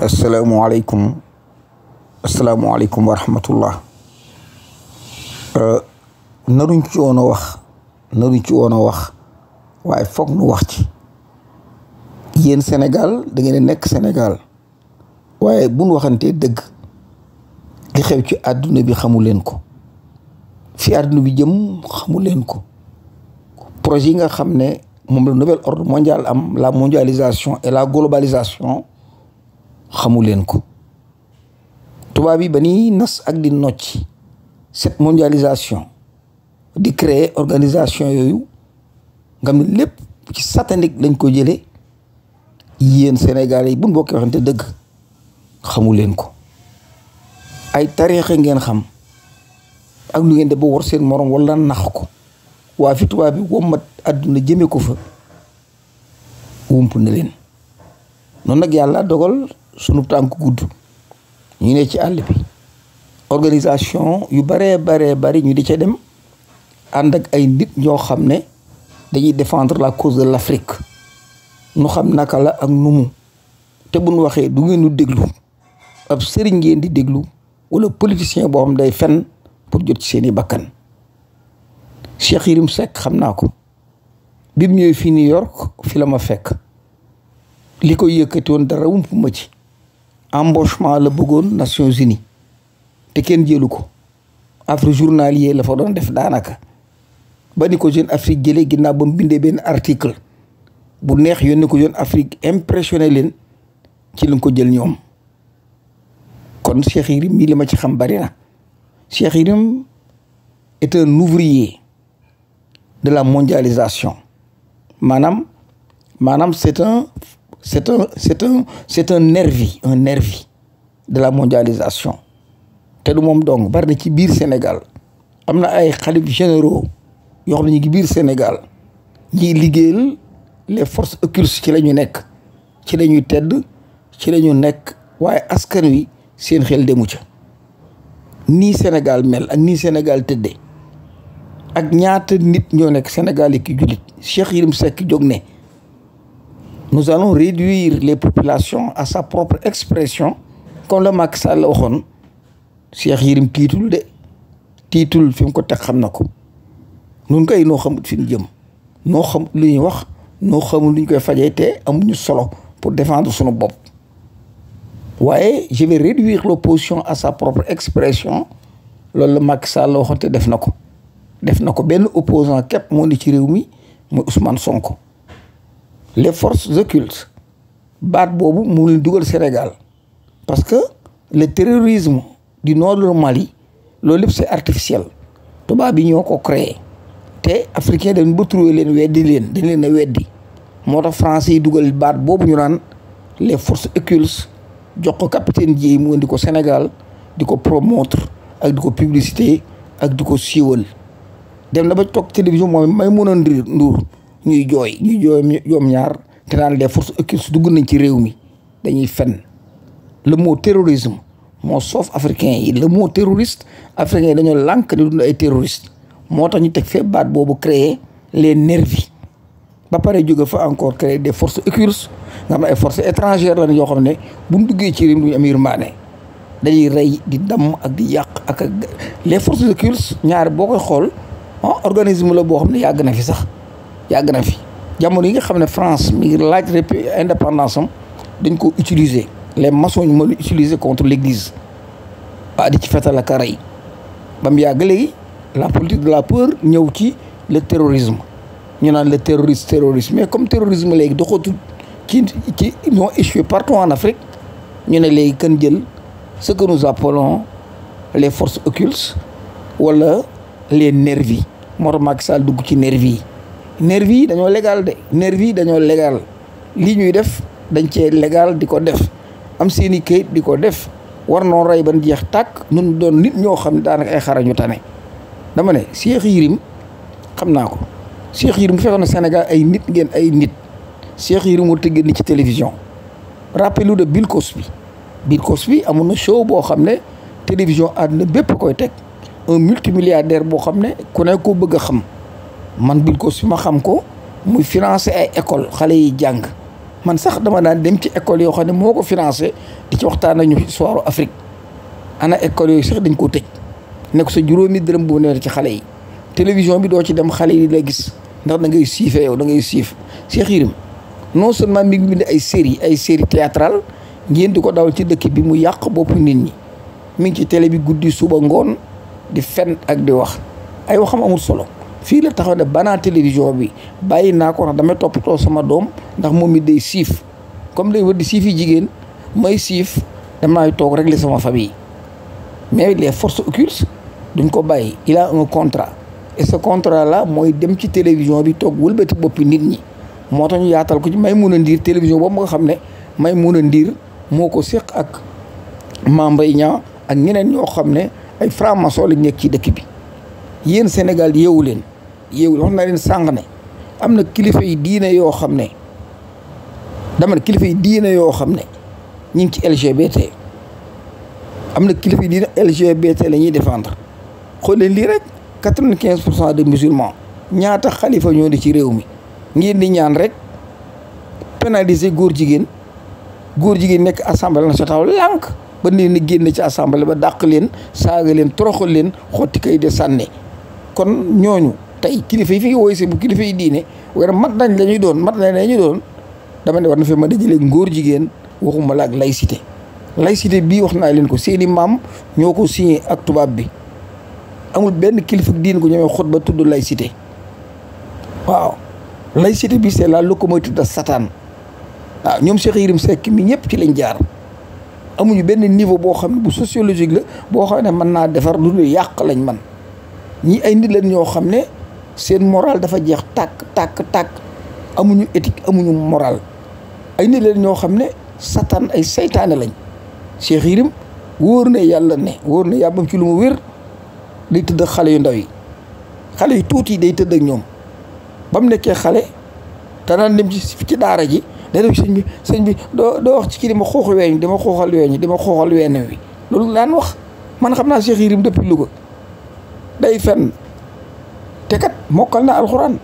asalaamualeykum asalaamualeykum wa rahmatullah euh, naruñ ci woon a wax naruñ ci woon a wax waaye foog nu wax ci yéen Sénégal da ngeen nekk Sénégal waaye buñ waxantee dëgg li xew ci àdduna bi xamu leen ko fi àdduna bi jëm xamu leen ko projet yi nga xam ne moom la nouvel ordre mondial am la mondialisation et la globalisation xamu leen ko tubaab yi ba ni nas ak di nocc cette mondialisation di créer organisation yooyu nga lépp ci satanique lañ ko jële yéen Sénégalais yi buñ bokkee waxante dëgg xamu leen ko ay tariixa ngeen xam ak lu ngeen de ba war seen morom wala nax ko waa fi tubaab bi wommat àdduna jëmee ko fa wump na leen noonu nag yàlla dogal sunu tànk gudd ñu ne ci àll bi organisation yu baree baree bari ñu di ca dem ànd ak ay nit ñoo xam ne dañuy défendre la cause de l'Afrique nu xam naka la ak numu te bu buñ waxee du ngeen nu déglu ab sëriñ ngeen di déglu wala politicien boo xam day fen pour jot seeni bakkan Cheikh Yérim Seck xam naa ko bi mu ñëwee fii New York fi la ma fekk li koy yëkkati woon dara wump ci embauchement la bëggoon Nations Unies te kenn jëlu ko affaire journalier la fa doon def daanaka ba ni ko Jeune Afrique jëlee ginnaaw ba mu bindee benn article bu neex yónnee ko Jeune Afrique impressionné leen ci lañ ko jël ñoom kon Cheikh Yérim mii li ma ci xam bari na Cheikh Yérim est un ouvrier de la mondialisation maanaam maanaam c'est c'est un c'est un un nervi un nervi de la mondialisation te du moom donc bari ci biir Sénégal am na ay xalif généraux yoo xam ne ñu ngi biir Sénégal ñiy liggéeyal les forces occultes ci la ñu nekk ci lañuy ñuy tedd ci la nekk waaye askan wi seen xel demu ca nii Sénégal mel ak nii Sénégal tëdde ak ñaata nit ñoo nekk Sénégal yi ki jullit Cheikh Yérim Seck jóg ne nous allons réduire les populations à sa propre expression comme la Macky Sall waxoon Cheikh Yérim tiitul de tiitul fi ko teg xam na ko nun kay noo xamut fi jëm noo xam lu ñuy wax noo xamul lu koy fajee te amuñu solo pour défendre suñu bopp waaye je vais réduire l'opposition à sa propre loolu la Macky Sall waxoon te def na ko def na ko benn opposant képp moo ni ci réew mi mooy Ousmane Sonko les forces occultes baat boobu mu ngi dugal Sénégal parce que le terrorisme du nord du Mali loolu lépp c'est artificiel tubaab bi ñoo ko créé te africain dañ ba trouvé leen weddi leen dañ leen a weddi moo tax français yi dugal baat boobu ñu naan les forces occultes jox ko capitaine Dièye mu indi ko Sénégal di ko promotre ak di ko publicité ak di ko siiwal dem na ba toog télévision moom may mën a ndur ñuy jooy ñuy jooy joom ñaar te naan les forces occultes dugg nañ ci réew mi dañuy fen le mot terrorisme moo soof africain yi le mot terroriste africain yi dañoo lànk ni dund ay terroriste moo tax ñu teg fee baat boobu créer les nervis ba pare jóge fa encore créer des forces occultes nga xam ay forces étrangères lañ yoo xam ne buñ duggee ci réew mi duñu am yërmande dañuy rey di damm ak di yàq ak les forces occultes ñaar boo koy xool ah organisme la boo xam ne yàgg na fi sax yàgg na fi jamono yi nga xam ne France mi ngi laaj indépendance am dañ ko utiliser les maçons ma mën utiliser contre l'église waa di ci fetal ak rey ba mu yàgg léegi la politique de la peur ñëw ci le terrorisme ñu naan le terroriste terrorisme mais comme terrorisme léegi doxatu ci ci ñoo échoué partout en Afrique ñu ne léegi kan jël ce que nous appelons les forces occultes wala les nervis moo tax Macky Sall dugg ci nervis yi nervi dañoo legal de nervi yi dañoo legal lii ñuy def dañ cee légal di ko def am seeni kayit di ko def war noon rey ban jeex tàkk nun doon nit ñoo xam ne daanaka ay xarañu tane dama ne seex Yérim xam naa ko Cheikh Yérim bu fekkoon ne Sénégal ay nit ngeen ay nit Cheikh Yérim war tëggeen ni ci télévision rappelu de Bilkos bi Bilkos bi amoon na show boo xam ne télévision àdduna bépp koy teg un multimilliardaire boo xam ne ku ne ko bëgg a xam man bil ko su ma xam ko muy financé ay école xale yi jàng man sax dama daan dem ci école yoo xam ne moo ko financé di ci waxtaan nañu histoire Afrique ana école yooyu sax dañ koo tëj nekk sa juróomi dërëm bu neer ci xale yi télévision bi doo ci dem xale yi di la gis ndax da ngay siifee yow da ngay siif Cheikh Yérim non seulement mi ngi ay série ay série théâtrale ngeen di ko dawal ci dëkk bi mu yàq boppu nit ñi mi ngi ci tele bi guddi suba ngoon di fen ak di wax ay waxam amul solo fii la taxaw ne banaa télévision bi bàyyi naa ko ndax damay toppatoo sama doom ndax moom it day siif comme day wër di siif yi jigéen may siif damay toog régler sama famille mais les forces occultes duñ ko bàyyi il contrat et ce contrat la mooy dem ci télévision bi toog wëlbati boppi nit ñi moo tax ñu yaatal ko ci may Maimouna Ndir télévision boobu nga xam ne may Maimouna Ndir moo ko séq ak Mame Mbaye Niang ak ñeneen ñoo xam ne ay franc-maçon lañ ci dëkk bi yéen Sénégal yeewu leen yeewul wax naa leen sànq ne am na kilifa yi diine yoo xam ne dama kilifa yi diine yoo xam ne ñu ngi ci LGBT am na kilifa yi diine LGBT la ñuy défendre xool leen lii rek quatre vingt pour cent de musulmans ñaata xalifa ñoo di ci réew mi ngeen di ñaan rek pénaliser góor jigéen góor jigéen nekk assemblée nationale lànk ba nee ni génn ci assemblée ba dàq leen saaga leen toroxal leen xotti kay de sànne kon ñooñu tey kilifa yi fi woy si bu kilifa yi diine weer mat nañ la ñuy doon mat nañ la doon dama ne war na fi mën a jëlee ngóor jigéen waxuma la ak laïcité laïcité bii wax naa leen ko seeni maam ñoo ko signé ak tubaab bi amul benn kilifa diine ko ñemee xot ba tudd lay laïcité waaw laïcité bi c'est la locomotive de Satan waaw ñoom Cheikh Yérim Seck mi ñëpp ci lañ jaar amuñu benn niveau boo xam ne bu sociologique la boo xam ne mën naa defar lu yàq lañ man ñi ay nit lañ xam ne seen moral dafa jeex tàkk tàkk tàkk amuñu éthique amuñu moral ay nit leen ñoo xam ne satan ay seytaane lañ Cheikh Yérim wóor na yàlla ne wóor na yàbbam ci lu mu wér day tëdd xale yu ndaw yi xale yu tuuti day tëdd ak ñoom ba nekkee xale danaan dem ci ci daara ji day dem sëñ bi sëñ bi doo doo wax ci kii dama xooxal weeñ dama xooxal weeñ dama xooxal weeñ yi loolu daan wax man xam naa Cheikh Yérim depuis Louga day fenn te kat mokkal na alxuraan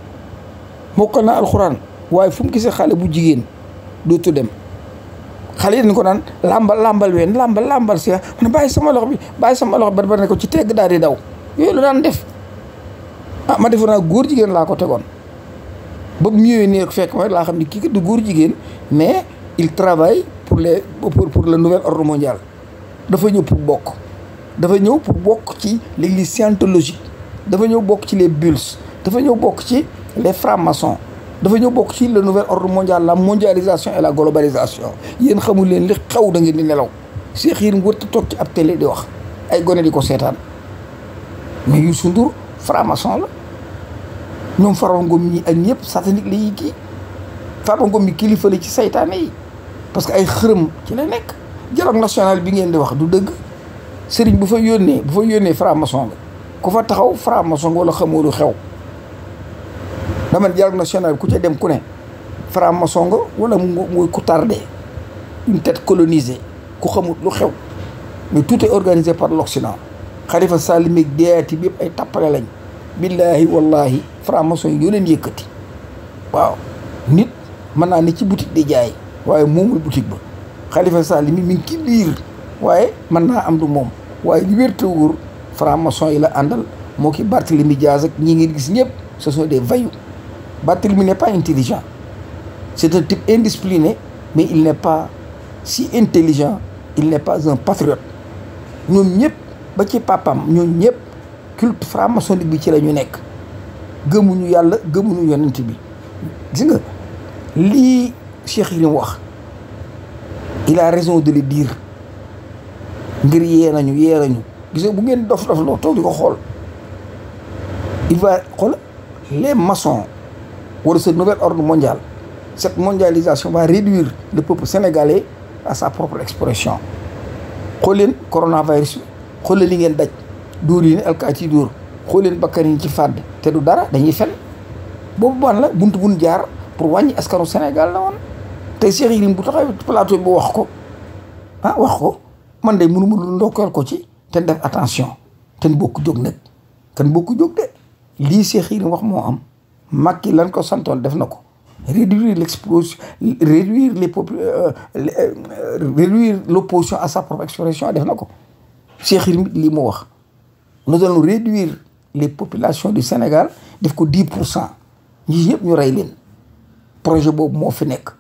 mokkal na alxuraan waaye fu mu gisee xale bu jigéen dootu dem xale yi dañ ko naan làmbal làmbal ween làmbal làmbal si ah. mu ne bàyyi sama loxo bi bàyyi sama loxo bar bar ne ko ci tegg daal di daw yooyu la daan def ah ma defoon naa góor jigéen laa ko tegoon ba mu ñëwee nii fekk ma laa xam ne kii du góor jigéen mais il travaille pour les pour pour le nouvel dafa ñëw pour bokk dafa ñëw pour bokk ci l'église scientologique dafa ñëw bokk ci les bulles dafa ñëw bokk ci les francs dafa ñëw bokk ci le nouvel ordre mondial la mondialisation et la globalisation yéen xamul leen li xew da ngeen di nelaw Cheikh Yérim wërta toog ci ab télé di wax ay gone di ko seetaan mais Youssou Ndour franc la ñoom Farba Ngom ñi ak ñëpp satanique la yi kii Farba kilifa la ci saytaane parce que ay xërëm ci la nekk dialogue national bi ngeen di wax du dëgg sëriñ bu fa yónnee bu fa yónnee franc-maçon la ku fa taxaw franc-maçon wala xamoo lu xew dama ne dialogue national ku ca dem ku ne franc-maçon nga wala muy ku tardé une tête colonisée ku xamut lu xew mais tuute est organisé par l'Occident Khalifa Sall mi deyaati bi yëpp ay tappale lañ billaahi wallahi franc-maçon yi ñoo leen yëkkati waaw nit mën naa ne ci boutique di jaay waaye moomul boutique ba Khalifa Sall mi mi ngi waaye mën naa am du moom waaye li wér te wóor yi la àndal moo ki Barthélemy Diaz ak ñi ngi gis ñëpp soo sont des voyous Barthélemy n'est pas intelligent. C'est un type indiscipliné, mais il n'est pas si intelligent, il n'est pas un patriote. ñoom ñëpp ba ci papam ñoom ñëpp culte franc-maçonnique bi ci la ñu nekk gëmuñu yàlla gëmuñu yonent bi gis nga lii Cheikh Yérim wax il a raison de le dire ngir yee nañu yee nañu gis nga bu ngeen dof dof loo toog di ko xool il va xool les maçons wala ce nouvel ordre mondial cette mondialisation va réduire le peuple sénégalais à sa propre expression xool leen coronavirus xool li ngeen daj dóor yi ne alkaati dóor xool leen bakkan yi ci fàdd te du dara dañuy fen boobu ban la bunt bun jaar pour wàññi askanu Sénégal la woon tey Cheikh Yérim bu taxaw plateau bi wax ko ah wax ko man de mënu ma ndokkeel ko ci te def attention ten bokk jóg nag kan bokk jóg de lii Cheikh wax moo am Macky lan ko santoon def na ko réduire l'explosion réduire les pop euh, euh, réduire l'opposition à sa propre expression def na ko Cheikh Yérim lii mu wax nous allons réduire les population du Sénégal def ko dix pour cent ñi yëpp ñu rey leen projet boobu moo fi nekk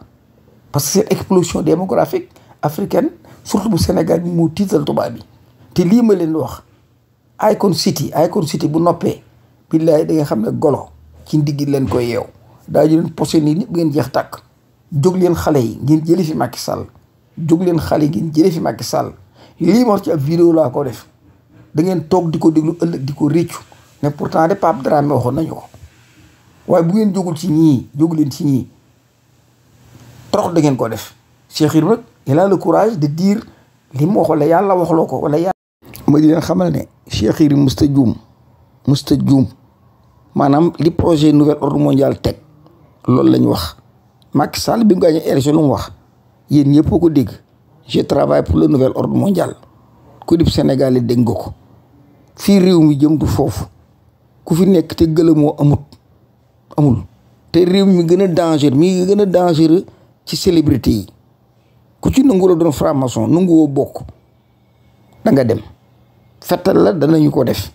parce que cette explosion démographique africaine surtout bu Sénégal bi moo tiital tubaab bi te lii ma leen wax Icon City Icon City bu noppee billaay da nga xam ne golo ci ndigg leen koy yeew daañu leen posé nii ñëpp ngeen jeex tàkk jóg leen xale yi ngeen jëlee fi Macky Sall jóg leen xale yi ngeen jëlee fi Macky Sall lii ma ci ab vidéo laa ko def da ngeen toog di ko déglu ëllëg di ko réccu ne pourtant de Pape Dramé waxoon nañu ko waaye bu ngeen jógul ci ñii jóg leen ci ñii da ngeen ko def Cheikh Ibrahima nag il a le courage de dire mu waxoon la yàlla waxloo ko wala yàlla ma di leen xamal ne Cheikh Ibrahima musta juum musta juum maanaam li projet nouvel ordre mondiale teg loolu la ñu wax Macky Sall bi mu gaañee élection lu mu wax yéen ñëpp ko dégg je travaille pour le nouvelle ordre mondiale ku dib Sénégal yi dégg nga ko fii réew mi jëm du foofu ku fi nekk te gëlëmoo amut amul te réew mi gën a dangereux mi gën a dangereux ci célébrité yi ku ci nangu la doon franc-maçon bokk da nga dem fettal la danañu ko def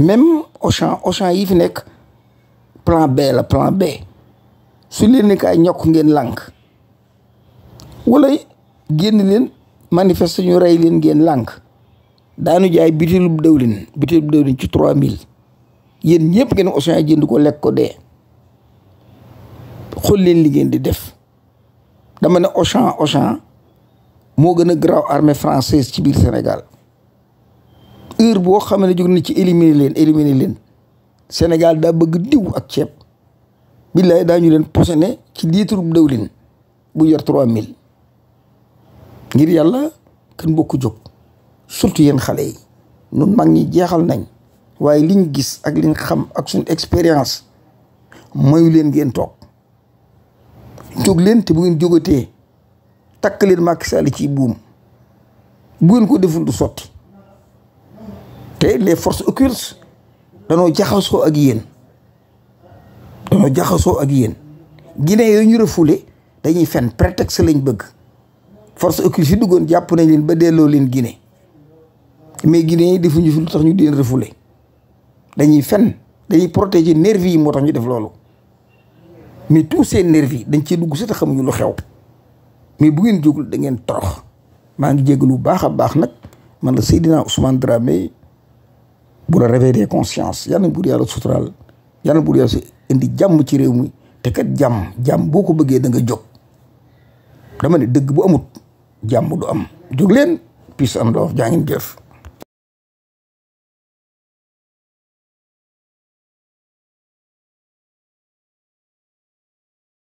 même Auchan Auchan yi fi nekk plan B la plan B su leen nekk ay ñokk ngeen lànk wala génn leen manifeste ñu rey leen ngeen lànk daanu jaay bitilub dëwlin bitilub dëwlin ci trois mille yéen ñëpp ngeen Auchan yi jënd ko lekk ko dee xool leen li ngeen di def dama ne Auchan Auchan moo gën a garaaw armee française ci biir Sénégal heure boo xam ne jóg na ci éliminer leen éliminer leen Sénégal daa bëgg diw ak ceeb billaay daañu leen posone ci litre dëwlin bu yor trois mille ngir yàlla kan bokku jóg surtout yéen xale yi nun mag ñi jeexal nañ waaye liñ gis ak liñ xam ak suñ expérience mayu leen ngeen toog jóg leen te bu ngeen jógatee takk leen Macky Sall ci buum bu ngeen ko deful du sotti te les forces occultes danoo jaxasoo ak yéen danoo jaxasoo ak yéen Guinée yooyu ñu refoulé dañuy fen prétexte lañ bëgg force occulte yi duggoon jàpp nañ leen ba delloo leen Guinée mais Guinée yi defuñu fi lu tax ñu di leen dañuy fen dañuy protéger nervi yi moo tax ñu def loolu mais tous ces nervi dañ cee dugg si te xamuñu lu xew mais bu ngeen jógul dangeen ngeen torox maa ngi jégalu lu baax a baax nag man la Seydina Ousmane Dramé bu la réveillé conscience yal bu buur yàlla suturaal yal na buur yàlla indi jàmm ci réew mi te kat jàmm jàmm boo ko bëggee da nga jóg dama ne dëgg bu amut jàmm du am jóg leen peace and love jaa ngeen jëf